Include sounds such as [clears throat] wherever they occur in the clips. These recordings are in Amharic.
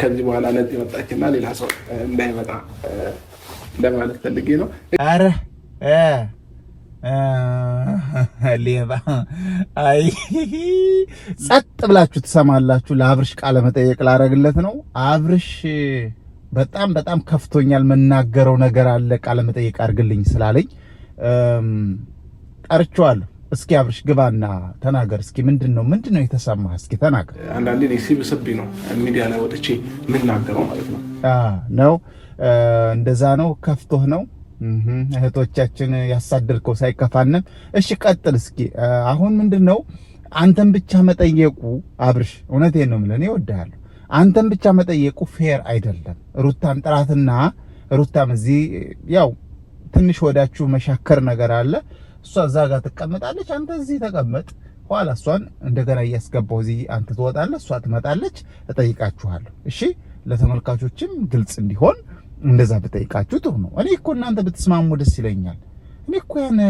ከዚህ በኋላ ለዚህ መጣችና ሌላ ሰው እንዳይመጣ ለማለት ፈልጌ ነው። አረ ሌባ አይ ጸጥ ብላችሁ ትሰማላችሁ። ለአብርሽ ቃለ መጠየቅ ላረግለት ነው። አብርሽ በጣም በጣም ከፍቶኛል። መናገረው ነገር አለ ቃለ መጠየቅ አድርግልኝ ስላለኝ ጠርቼዋለሁ። እስኪ አብርሽ ግባና ተናገር እስኪ ምንድን ነው ምንድን ነው የተሰማህ? እስኪ ተናገር። አንዳንዴ ሲብስብኝ ነው ሚዲያ ላይ ወጥቼ የምናገረው ማለት ነው ነው እንደዛ ነው። ከፍቶህ ነው እህቶቻችን ያሳድርከው ሳይከፋንም። እሺ ቀጥል እስኪ አሁን ምንድን ነው አንተን ብቻ መጠየቁ አብርሽ፣ እውነቴን ነው የምልህ እኔ እወድሃለሁ። አንተን ብቻ መጠየቁ ፌር አይደለም። ሩታን ጥራትና ሩታም እዚህ ያው ትንሽ ወዳችሁ መሻከር ነገር አለ እሷ እዛ ጋር ትቀመጣለች፣ አንተ እዚህ ተቀመጥ። ኋላ እሷን እንደገና እያስገባው እዚህ አንተ ትወጣለህ፣ እሷ ትመጣለች። እጠይቃችኋለሁ። እሺ፣ ለተመልካቾችም ግልጽ እንዲሆን እንደዛ ብጠይቃችሁ ጥሩ ነው። እኔ እኮ እናንተ ብትስማሙ ደስ ይለኛል። እኔ እኮ ያን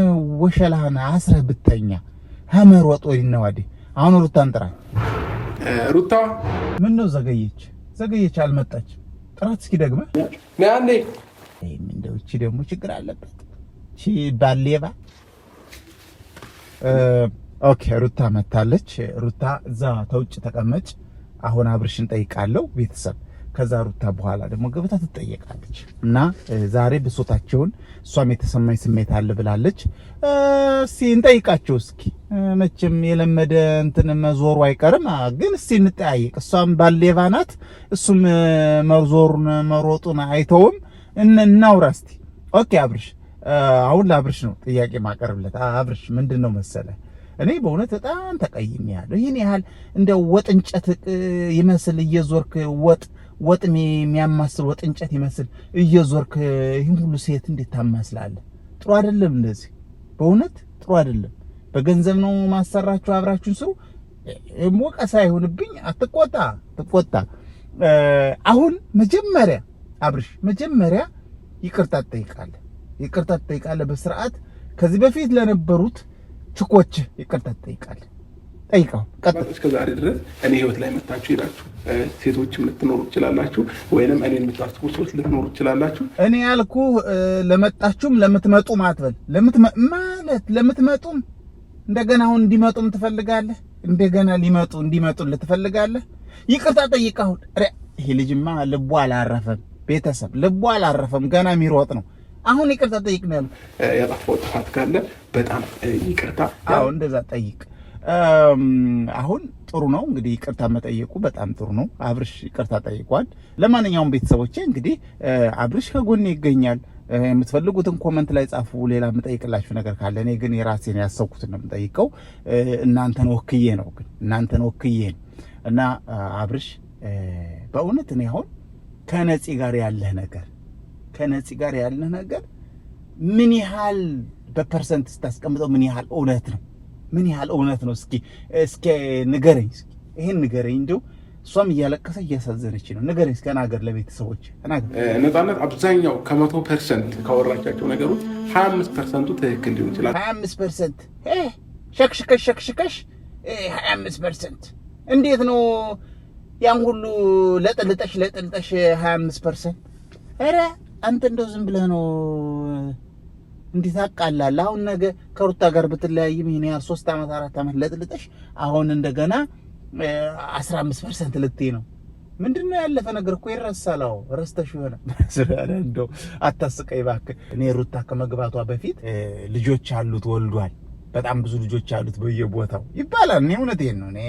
ወሸላህን አስረህ ብተኛ ሀመር ወጦ ይነዋዴ። አሁን ሩታን ጥራ ሩታ ምን ነው ዘገየች? ዘገየች አልመጣች። ጥራት እስኪ ደግመህ። ይህም እንደው እቺ ደግሞ ችግር አለበት ባሌባ ኦኬ ሩታ መታለች። ሩታ እዛ ተውጭ ተቀመጭ፣ አሁን አብርሽን ጠይቃለሁ ቤተሰብ ከዛ ሩታ በኋላ ደግሞ ገብታ ትጠየቃለች። እና ዛሬ ብሶታቸውን እሷም የተሰማኝ ስሜት አለ ብላለች። እስቲ እንጠይቃቸው እስኪ መቼም የለመደ እንትን መዞሩ አይቀርም፣ ግን እስቲ እንጠያየቅ። እሷም ባሌቫ ናት፣ እሱም መዞሩን መሮጡን አይተውም። እናውራ እስቲ ኦኬ አብርሽ አሁን ለአብርሽ ነው ጥያቄ ማቀርብለት። አብርሽ ምንድን ነው መሰለ እኔ በእውነት በጣም ተቀይሜ ያለሁ ይህን ያህል እንደ ወጥ እንጨት ይመስል እየዞርክ ወጥ ወጥ የሚያማስል ወጥ እንጨት ይመስል እየዞርክ ይህን ሁሉ ሴት እንዴት ታማስላለህ? ጥሩ አይደለም። እንደዚህ በእውነት ጥሩ አይደለም። በገንዘብ ነው ማሰራችሁ አብራችሁን ሰው ወቀሳ አይሆንብኝ። አትቆጣ ትቆጣ። አሁን መጀመሪያ አብርሽ መጀመሪያ ይቅርታ ትጠይቃለህ ይቅርታ ትጠይቃለህ በስርዓት ከዚህ በፊት ለነበሩት ችኮች ይቅርታ ትጠይቃለህ። ጠይቀው እስከ ዛሬ ድረስ እኔ ህይወት ላይ መታችሁ ይላችሁ ሴቶችም ልትኖሩ ትችላላችሁ፣ ወይንም እኔ የምታስቡ ሰዎች ልትኖሩ ትችላላችሁ። እኔ ያልኩ ለመጣችሁም ለምትመጡም አትበል ማለት ለምትመጡም እንደገና አሁን እንዲመጡም ትፈልጋለህ፣ እንደገና ሊመጡ እንዲመጡ ትፈልጋለህ። ይቅርታ ጠይቀህ ይሄ ልጅማ ልቦ አላረፈም፣ ቤተሰብ ልቦ አላረፈም፣ ገና የሚሮጥ ነው አሁን ይቅርታ ጠይቅ ነው ያልኩት። ያጠፋው ጥፋት ካለ በጣም ይቅርታ። አዎ እንደዛ ጠይቅ። አሁን ጥሩ ነው እንግዲህ ይቅርታ መጠየቁ በጣም ጥሩ ነው። አብርሽ ይቅርታ ጠይቋል። ለማንኛውም ቤተሰቦቼ እንግዲህ አብርሽ ከጎን ይገኛል። የምትፈልጉትን ኮመንት ላይ ጻፉ። ሌላ የምጠይቅላችሁ ነገር ካለ እኔ ግን የራሴን ያሰብኩትን ነው የምጠይቀው። እናንተን ወክዬ ነው ግን እናንተን ወክዬ ነው እና አብርሽ በእውነት እኔ አሁን ከነፂ ጋር ያለህ ነገር ከነፂ ጋር ያለ ነገር ምን ያህል በፐርሰንት ስታስቀምጠው ምን ያህል እውነት ነው? ምን ያህል እውነት ነው? እስኪ እስኪ ንገረኝ፣ እስኪ ይሄን ንገረኝ። እንዲሁ እሷም እያለቀሰ እያሳዘነች ነው። ንገረኝ እስኪ ተናገር፣ ለቤተሰቦች ተናገር። ነፃነት አብዛኛው ከመቶ ፐርሰንት ካወራቻቸው ነገሮች ሀያ አምስት ፐርሰንቱ ትክክል ሊሆን ይችላል። ሀያ አምስት ፐርሰንት ሸክሽከሽ ሸክሽከሽ ሀያ አምስት ፐርሰንት እንዴት ነው ያን ሁሉ ለጥልጠሽ ለጥልጠሽ ሀያ አምስት ፐርሰንት ኧረ አንተ እንደው ዝም ብለህ ነው እንዴት አቃላለህ? አሁን ነገ ከሩታ ጋር ብትለያይም ይሄን ያህል ሶስት አመት አራት አመት ለጥልጥሽ አሁን እንደገና 15 ፐርሰንት ልትይ ነው። ምንድን ነው ያለፈ ነገር እኮ ይረሳል። አዎ ረስተሽ ይሆናል። [laughs] እንደው አታስቀይ እባክህ። እኔ ሩታ ከመግባቷ በፊት ልጆች አሉት ወልዷል፣ በጣም ብዙ ልጆች አሉት በየቦታው ይባላል። እኔ እውነቴን ነው። እኔ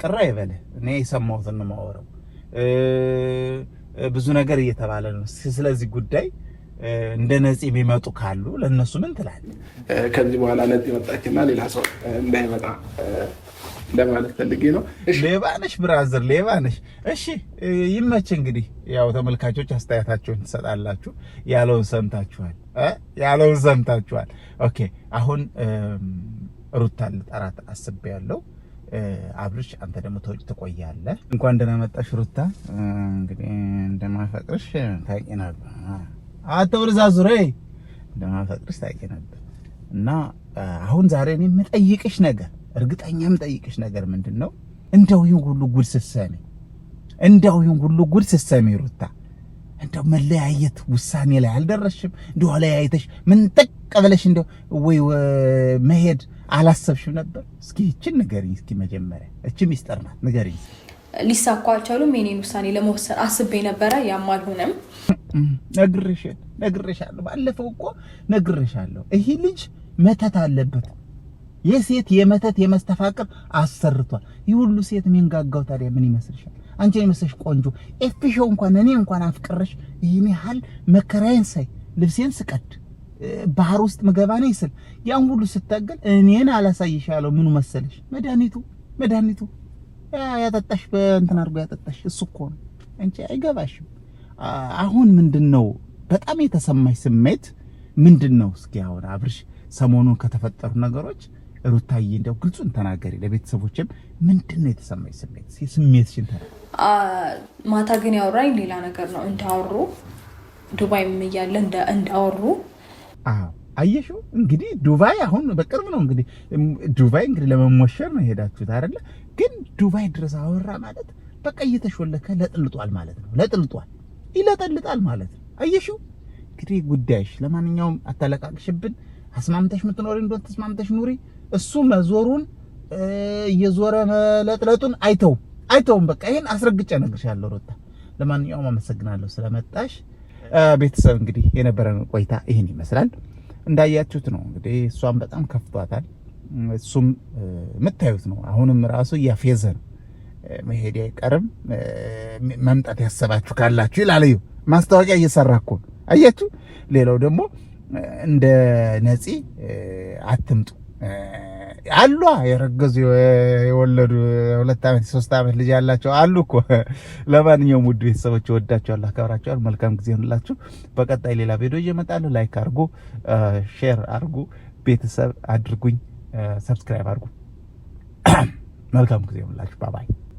ቅር አይበልህ፣ እኔ የሰማሁትን ነው የማወራው ብዙ ነገር እየተባለ ነው። ስለዚህ ጉዳይ እንደ ነፂ የሚመጡ ካሉ ለእነሱ ምን ትላለህ? ከዚህ በኋላ ነፂ መጣችና ሌላ ሰው እንዳይመጣ ለማለት ፈልጌ ነው። ሌባ ነሽ ብራዘር፣ ሌባ ነሽ። እሺ ይመች። እንግዲህ ያው ተመልካቾች አስተያየታቸውን ትሰጣላችሁ። ያለውን ሰምታችኋል፣ ያለውን ሰምታችኋል። ኦኬ አሁን ሩታን ልጠራት አስቤያለሁ። አብርሽ አንተ ደግሞ ተውጭ ትቆያለህ። እንኳን ደህና መጣሽ ሩታ። እንግዲህ እንደማፈቅርሽ ታውቂ ነበር፣ አተብርዛ ዙሬ እንደማፈቅርሽ ታውቂ ነበር። እና አሁን ዛሬ እኔ የምጠይቅሽ ነገር እርግጠኛ የምጠይቅሽ ነገር ምንድን ነው? እንደው ይህን ሁሉ ጉድ ስትሰሚ እንደው ይህን ሁሉ ጉድ ስትሰሚ ሩታ እንደው መለያየት ውሳኔ ላይ አልደረስሽም? እንደው ለያይተሽ ምን ጠቅ ብለሽ እንደው ወይ መሄድ አላሰብሽም ነበር? እስኪ ይችን ንገሪኝ እስኪ መጀመሪያ እች ሚስጥር ናት፣ ንገሪኝ። ሊሳኩ አልቻሉም። የኔን ውሳኔ ለመወሰን አስቤ ነበረ፣ ያም አልሆነም። ነግሬሽ ነግሬሻለሁ፣ ባለፈው እኮ ነግሬሻለሁ። ይሄ ልጅ መተት አለበት፣ የሴት የመተት የመስተፋቅር አሰርቷል። ይህ ሁሉ ሴት የሚንጋጋው ታዲያ ምን ይመስልሻል? አንቺ የመሰሽ ቆንጆ ኤፍሾ እንኳን እኔ እንኳን አፍቅረሽ ይህን ያህል መከራዬን ሳይ ልብሴን ስቀድ ባህር ውስጥ ምገባ ነኝ ስል ያን ሁሉ ስታገል እኔን አላሳይሽ ያለው ምኑ መሰለሽ መድኃኒቱ መድኃኒቱ ያጠጣሽ በእንትን አድርጎ ያጠጣሽ እሱ እኮ ነው። አንቺ አይገባሽም። አሁን ምንድን ነው በጣም የተሰማሽ ስሜት ምንድን ነው? እስኪ አሁን አብርሽ ሰሞኑን ከተፈጠሩ ነገሮች ሩታዬ እንደው ግልጹን ተናገሪ ለቤተሰቦችም ምንድን ነው የተሰማሽ ስሜት? ስሜትሽን ተና ማታ ግን ያወራኝ ሌላ ነገር ነው እንዳወሩ ዱባይም እያለ እንዳወሩ አየሽው እንግዲህ ዱባይ አሁን በቅርብ ነው እንግዲህ ዱባይ እንግዲህ ለመሞሸር ነው የሄዳችሁት አይደለ? ግን ዱባይ ድረስ አወራ ማለት በቃ እየተሾለከ ለጥልጧል ማለት ነው። ለጥልጧል ይለጠልጣል ማለት ነው። አየሽው እንግዲህ ጉዳይሽ። ለማንኛውም አታለቃቅሽብን። አስማምተሽ የምትኖሪ እንደሆነ ተስማምተሽ ኑሪ። እሱ መዞሩን እየዞረ መለጥለጡን አይተው አይተውም። በቃ ይሄን አስረግጬ እነግርሻለሁ ለማንኛውም አመሰግናለሁ ስለመጣሽ። ቤተሰብ እንግዲህ የነበረን ቆይታ ይህን ይመስላል። እንዳያችሁት ነው እንግዲህ እሷም በጣም ከፍቷታል። እሱም የምታዩት ነው። አሁንም ራሱ እያፌዘ ነው። መሄድ አይቀርም መምጣት ያሰባችሁ ካላችሁ ይላል። ማስታወቂያ እየሰራ እኮ አያችሁ። ሌላው ደግሞ እንደ ነፂ አትምጡ አሉ የረገዙ የወለዱ ሁለት ዓመት የሶስት ዓመት ልጅ ያላቸው አሉ እኮ። [laughs] ለማንኛውም ውድ ቤተሰቦች ወዳችኋለሁ፣ አከብራችኋለሁ። መልካም ጊዜ ሆንላችሁ። በቀጣይ ሌላ ቪዲዮ እየመጣሉ። ላይክ አድርጉ፣ ሼር አድርጉ፣ ቤተሰብ አድርጉኝ፣ ሰብስክራይብ አርጉ። [clears throat] መልካም ጊዜ ሆንላችሁ። ባባይ